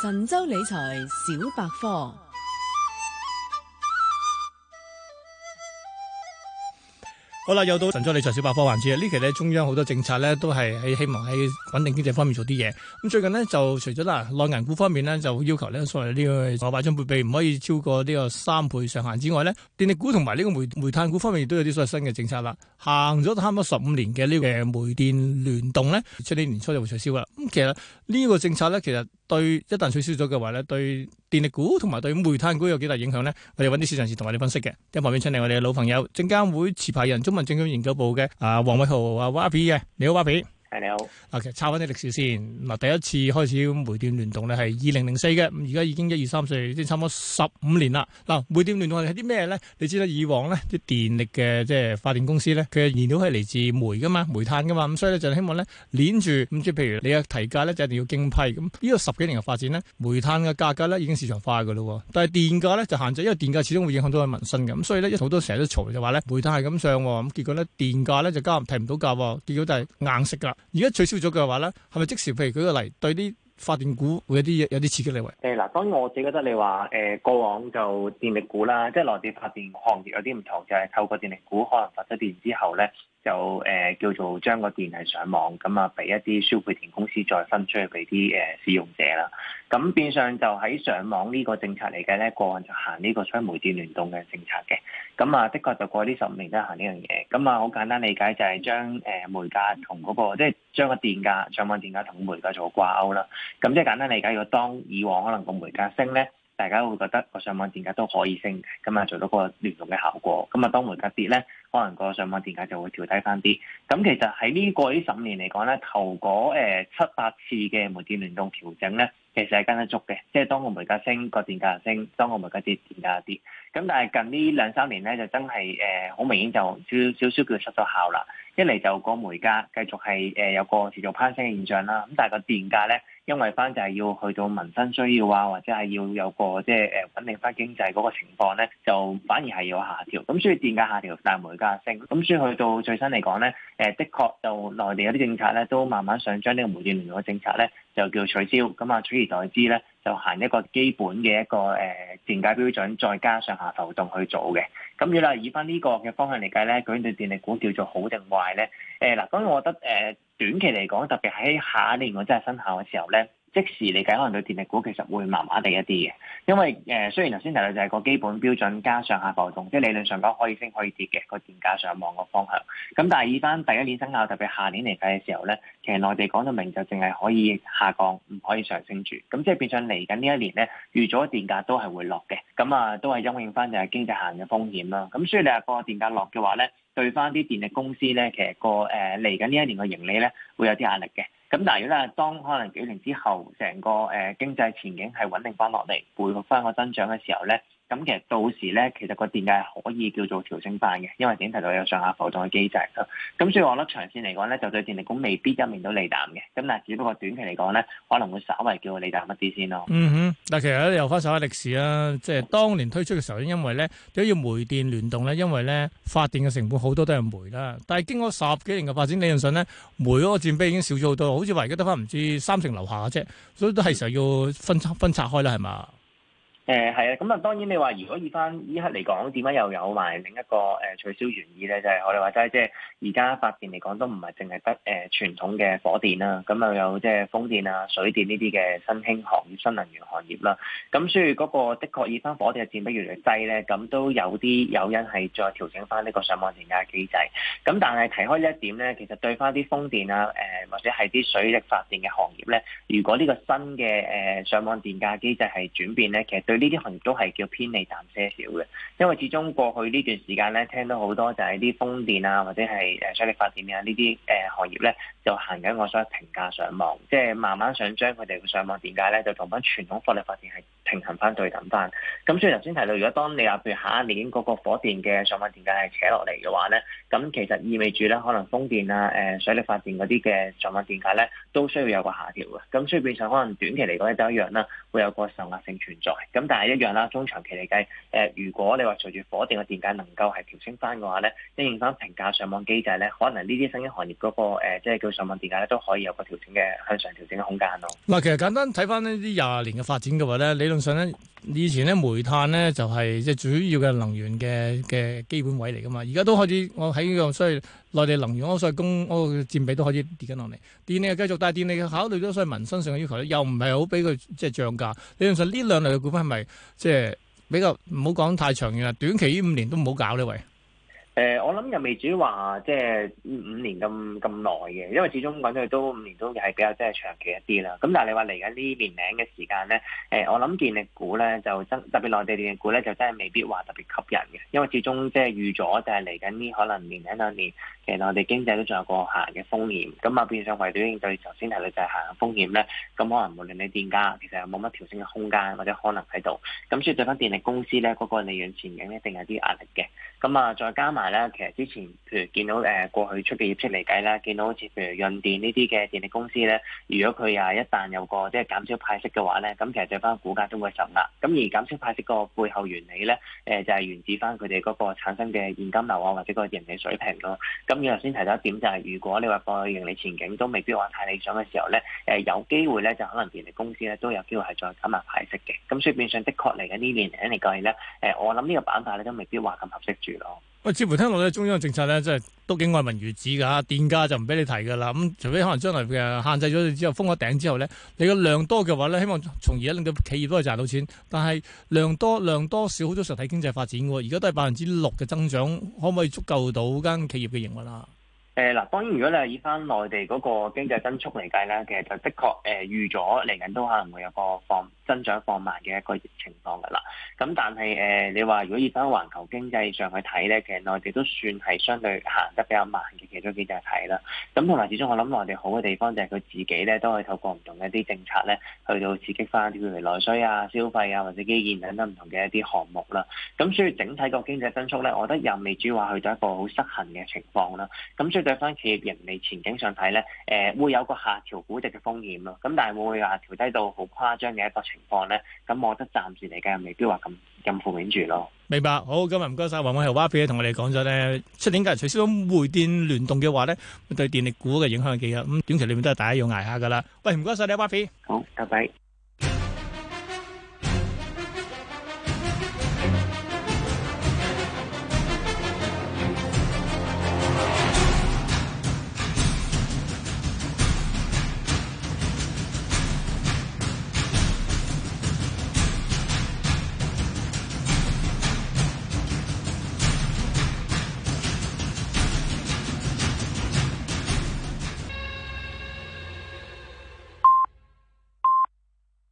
神州理財小百科，好啦，又到神州理財小百科環節啦。呢期咧，中央好多政策咧都係喺希望喺穩定經濟方面做啲嘢。咁最近咧就除咗嗱內銀股方面咧就要求咧所謂，呢個外幣儲備唔可以超過呢個三倍上限之外咧，電力股同埋呢個煤煤炭股方面亦都有啲所謂新嘅政策啦。行咗差唔多十五年嘅呢個煤電聯動呢，出年年初就會取消啦。咁其實呢個政策咧，其實對一旦取消咗嘅話咧，對電力股同埋對煤炭股有幾大影響咧？我哋揾啲市場人士同我哋分析嘅。一旁邊請嚟我哋嘅老朋友，證監會持牌人，中民證券研究部嘅阿黃偉豪，啊，蛙皮嘅，你好，蛙皮。係你好，嗱，其實插翻啲歷史先。嗱，第一次開始煤電聯動咧，係二零零四嘅，而家已經一二三四，已經差唔多十五年啦。嗱，煤電聯動係啲咩咧？你知道以往咧，啲電力嘅即係發電公司咧，佢嘅燃料係嚟自煤，噶嘛，煤炭噶嘛，咁所以咧就是，希望咧，連住咁即譬如你嘅提價咧，就一定要經批。咁呢個十幾年嘅發展咧，煤炭嘅價格咧已經市場化噶咯，但係電價咧就限制，因為電價始終會影響到個民生嘅，咁所以咧，好多成日都嘈就話咧，煤炭係咁上，咁結果咧，電價咧就加唔提唔到價，結果就係硬食啦。而家取消咗嘅話咧，係咪即時譬如舉個例，對啲發電股會有啲有啲刺激利惠？誒嗱，當然我自己覺得你話誒、呃、過往就電力股啦，即係內地發電行業有啲唔同，就係、是、透過電力股可能發出電之後咧。就誒、呃、叫做將個電係上網，咁啊俾一啲消費電公司再分出去俾啲誒使用者啦。咁變相就喺上網呢個政策嚟嘅咧，過運就行呢個雙煤電聯動嘅政策嘅。咁啊，的確就過呢十五年都行呢樣嘢。咁啊，好簡單理解就係將誒煤價同嗰、那個即係將個電價上網電價同煤價做掛鈎啦。咁即係簡單理解，如果當以往可能個煤價升咧，大家會覺得個上網電價都可以升，咁啊做到個聯動嘅效果。咁啊當煤價跌咧，可能個上網電價就會調低翻啲。咁其實喺呢個呢十年嚟講咧，頭嗰七八次嘅煤電聯動調整咧，其實係跟得足嘅，即係當個煤價升，個電價升；當個煤價跌，電價跌。咁但係近呢兩三年咧，就真係誒好明顯就少少少叫失咗效啦。一嚟就個煤價繼續係誒有個持續攀升嘅現象啦，咁但係個電價咧。因為翻就係要去到民生需要啊，或者係要有個即係誒穩定翻經濟嗰個情況咧，就反而係要下調。咁所以電價下調但係煤價升，咁所以去到最新嚟講咧，誒、呃、的確就內地有啲政策咧都慢慢想將呢個煤電聯動嘅政策咧就叫取消，咁啊取而代之咧就行一個基本嘅一個誒、呃、電價標準，再加上下浮動去做嘅。咁要啦，以翻呢個嘅方向嚟計咧，究竟對電力股叫做好定壞咧？誒、呃、嗱，咁我覺得誒。呃短期嚟講，特別喺下一年或者係生效嘅時候咧，即時嚟計可能對電力股其實會麻麻地一啲嘅，因為誒、呃、雖然頭先提到就係個基本標準加上下浮動，即係理論上講可以升可以跌嘅個電價上網個方向。咁但係以翻第一年生效特別下年嚟計嘅時候咧，其實內地講得明就淨係可以下降，唔可以上升住。咁即係變相嚟緊呢一年咧，預咗電價都係會落嘅。咁啊，都係因應翻就係經濟行嘅風險啦。咁所以你話個電價落嘅話咧，對翻啲電力公司咧，其實個誒嚟緊呢一年嘅盈利咧，會有啲壓力嘅。咁但係如果咧，當可能幾年之後，成個誒經濟前景係穩定翻落嚟，回復翻個增長嘅時候咧。咁其實到時咧，其實個電價係可以叫做調整翻嘅，因為已提到有上下浮動嘅機制啦。咁所以我覺得長線嚟講咧，就對電力股未必一面倒利淡嘅。咁但係只不過短期嚟講咧，可能會稍微叫利淡一啲先咯。嗯哼，嗱，其實又由翻首歷史啦，即係當年推出嘅時候，因為咧都要煤電聯動咧，因為咧發電嘅成本好多都係煤啦。但係經過十幾年嘅發展，理論上咧煤嗰個佔比已經少咗好多，好似而家得翻唔知三成樓下啫。所以都係時候要分拆分拆開啦，係嘛？誒係啊，咁啊、嗯、當然你話如果以翻依刻嚟講，點解又有埋另一個誒取消原意咧？就係、是、我哋話齋，即係而家發電嚟講都唔係淨係得誒傳統嘅火電啦，咁又有即係風電啊、水電呢啲嘅新興行業、新能源行業啦。咁所以嗰個的確以翻火電嘅佔比越嚟越低咧，咁都有啲誘因係再調整翻呢個上網電價機制。咁但係提開呢一點咧，其實對翻啲風電啊、誒、呃、或者係啲水力發電嘅行業咧，如果呢個新嘅誒、呃、上網電價機制係轉變咧，其實對呢啲行業都係叫偏利淡些少嘅，因為始終過去呢段時間呢，聽到好多就係啲風電啊，或者係誒水力發電啊呢啲誒行業呢，就行緊我所謂平價上網，即係慢慢想將佢哋嘅上網點解呢？就同翻傳統火力發電係平衡翻對等翻，咁所以頭先提到，如果當你話譬如下一年嗰個火電嘅上網電價係扯落嚟嘅話咧，咁其實意味住咧可能風電啊、誒水力發電嗰啲嘅上網電價咧都需要有個下調嘅，咁所以變相可能短期嚟講咧都一樣啦，會有個受壓性存在。咁但係一樣啦，中長期嚟計，誒如果你話隨住火電嘅電價能夠係調升翻嘅話咧，應用翻評價上網機制咧，可能呢啲新興行業嗰個、呃、即係叫上網電價咧都可以有個調整嘅向上調整嘅空間咯。嗱，其實簡單睇翻呢啲廿年嘅發展嘅話咧，你。上咧，以前咧煤炭咧就係即係主要嘅能源嘅嘅基本位嚟噶嘛，而家都開始我喺呢個所謂內地能源，我所以供我佔比都開始跌緊落嚟。電力繼續，但係電力考慮咗所以民生上嘅要求咧，又唔係好俾佢即係漲價。理論上呢兩類嘅股份係咪即係比較唔好講太長遠啦？短期呢五年都唔好搞呢位。誒、呃，我諗又未至於話即係五年咁咁耐嘅，因為始終講到去都五年都係比較即係、呃、長期一啲啦。咁但係你話嚟緊呢年幾嘅時間咧，誒、呃，我諗電力股咧就真特別內地電力股咧就真係未必話特別吸引嘅，因為始終即係預咗就係嚟緊呢可能年幾兩年。其實我哋經濟都仲有個行嘅風險，咁啊變相為咗應對頭先提嘅就係行嘅風險咧，咁可能無論你電價，其實有冇乜調整嘅空間或者可能喺度。咁所以對翻電力公司咧，嗰個利潤前景一定有啲壓力嘅。咁啊，再加埋咧，其實之前譬如見到誒過去出嘅業績嚟計啦，見到好似譬如潤電呢啲嘅電力公司咧，如果佢啊一旦有個即係減少派息嘅話咧，咁其實對翻股價都會受壓。咁而減少派息個背後原理咧，誒就係源自翻佢哋嗰個產生嘅現金流啊，或者個盈利水平咯。咁咁我先提到一點，就係、是、如果你話過去盈利前景都未必話太理想嘅時候呢誒、呃、有機會呢，就可能電力公司呢都有機會係再減埋派息嘅，咁所以變相的確嚟緊呢年嚟計咧，誒、呃、我諗呢個板塊咧都未必話咁合適住咯。喂，似乎聽落咧，中央政策咧，即係都幾愛民如子噶。電價就唔俾你提噶啦，咁除非可能將來嘅限制咗你之後封咗頂之後咧，你個量多嘅話咧，希望從而家令到企業都係賺到錢。但係量多量多少，好多實體經濟發展嘅，而家都係百分之六嘅增長，可唔可以足夠到間企業嘅營運啊？誒嗱，當然如果你係以翻內地嗰個經濟增速嚟計咧，其實就的確誒、呃、預咗嚟緊都可能會有個放增長放慢嘅一個情況噶啦。咁但係誒、呃，你話如果以翻環球經濟上去睇咧，其實內地都算係相對行得比較慢嘅其中幾隻睇啦。咁同埋始終我諗內地好嘅地方就係佢自己咧，都可以透過唔同嘅一啲政策咧，去到刺激翻譬如內需啊、消費啊或者基建等等唔同嘅一啲項目啦。咁所以整體個經濟增速咧，我覺得又未至於話去到一個好失衡嘅情況啦。咁所對翻企業盈利前景上睇咧，誒、呃，會有個下調估值嘅風險咯。咁但係會唔會話調低到好誇張嘅一個情況咧？咁、嗯、我覺得暫時嚟講，未必話咁咁負面住咯。明白。好，今日唔該晒，黃偉豪、Wafi 同我哋講咗咧，出年取消煤電聯動嘅話咧，對電力股嘅影響係幾啊？咁、嗯、短期裏面都係大家要挨下噶啦。喂，唔該晒你，Wafi。好，拜拜。